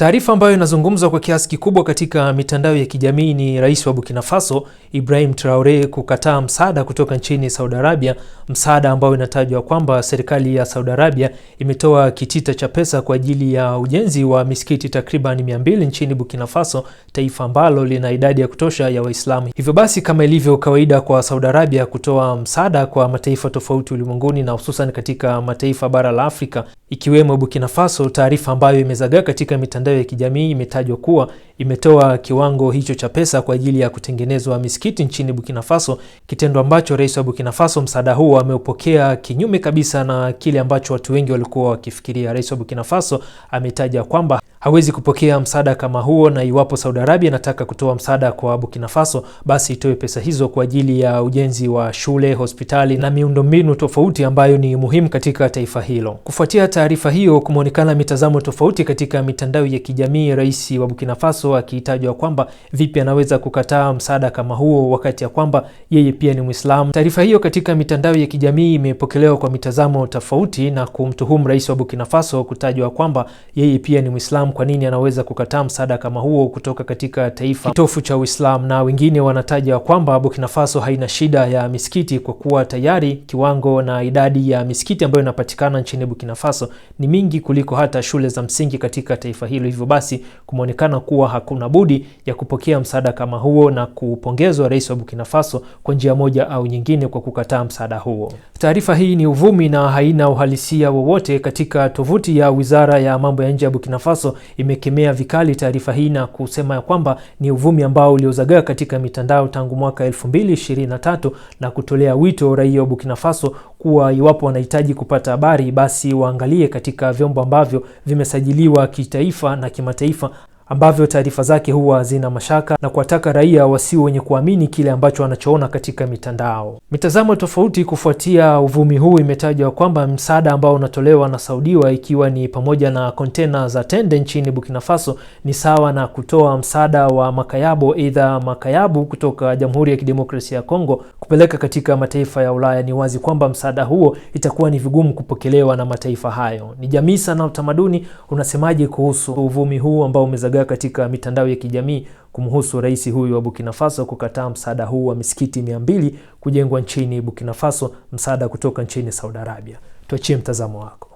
Taarifa ambayo inazungumzwa kwa kiasi kikubwa katika mitandao ya kijamii ni rais wa Burkina Faso Ibrahim Traore kukataa msaada kutoka nchini Saudi Arabia, msaada ambao inatajwa kwamba serikali ya Saudi Arabia imetoa kitita cha pesa kwa ajili ya ujenzi wa misikiti takriban 200 nchini Burkina Faso, taifa ambalo lina idadi ya kutosha ya Waislamu. Hivyo basi, kama ilivyo kawaida kwa Saudi Arabia kutoa msaada kwa mataifa tofauti ulimwenguni na hususan katika mataifa bara la Afrika, ikiwemo Burkina Faso, taarifa ambayo imezagaa katika mitandao ya kijamii imetajwa kuwa imetoa kiwango hicho cha pesa kwa ajili ya kutengenezwa misikiti nchini Burkina Faso, kitendo ambacho rais wa Burkina Faso msaada huo ameupokea kinyume kabisa na kile ambacho watu wengi walikuwa wakifikiria. Rais wa Burkina Faso ametaja kwamba hawezi kupokea msaada kama huo, na iwapo Saudi Arabia inataka kutoa msaada kwa Burkina Faso, basi itoe pesa hizo kwa ajili ya ujenzi wa shule, hospitali na miundombinu tofauti ambayo ni muhimu katika taifa hilo. Kufuatia taarifa hiyo, kumeonekana mitazamo tofauti katika mitandao ya kijamii, rais wa Burkina Faso akitajwa kwamba vipi anaweza kukataa msaada kama huo wakati ya kwamba yeye pia ni Mwislamu. Taarifa hiyo katika mitandao ya kijamii imepokelewa kwa mitazamo tofauti na kumtuhumu rais wa Burkina Faso kutajwa kwamba yeye pia ni Mwislamu kufahamu kwa nini anaweza kukataa msaada kama huo kutoka katika taifa kitofu cha Uislamu, na wengine wanataja kwamba Burkina Faso haina shida ya misikiti kwa kuwa tayari kiwango na idadi ya misikiti ambayo inapatikana nchini Burkina Faso ni mingi kuliko hata shule za msingi katika taifa hilo. Hivyo basi kumeonekana kuwa hakuna budi ya kupokea msaada kama huo na kupongezwa rais wa Burkina Faso kwa njia moja au nyingine kwa kukataa msaada huo. Taarifa hii ni uvumi na haina uhalisia wowote. Katika tovuti ya Wizara ya Mambo ya Nje ya Burkina Faso imekemea vikali taarifa hii na kusema ya kwamba ni uvumi ambao uliozagaa katika mitandao tangu mwaka 2023 na kutolea wito raia wa Burkina Faso kuwa iwapo wanahitaji kupata habari basi waangalie katika vyombo ambavyo vimesajiliwa kitaifa na kimataifa ambavyo taarifa zake huwa zina mashaka na kuwataka raia wasio wenye kuamini kile ambacho wanachoona katika mitandao. Mitazamo tofauti kufuatia uvumi huu imetajwa kwamba msaada ambao unatolewa na Saudiwa, ikiwa ni pamoja na kontena za tende nchini Burkina Faso, ni sawa na kutoa msaada wa makayabo, aidha makayabu kutoka Jamhuri ya Kidemokrasia ya Kongo kupeleka katika mataifa ya Ulaya. Ni wazi kwamba msaada huo itakuwa ni vigumu kupokelewa na mataifa hayo. Ni jamii sana. Utamaduni unasemaje kuhusu uvumi huu ambao umezaga lugha katika mitandao ya kijamii kumhusu rais huyu wa Burkina Faso kukataa msaada huu wa misikiti 200 kujengwa nchini Burkina Faso, msaada kutoka nchini Saudi Arabia. Tuachie mtazamo wako.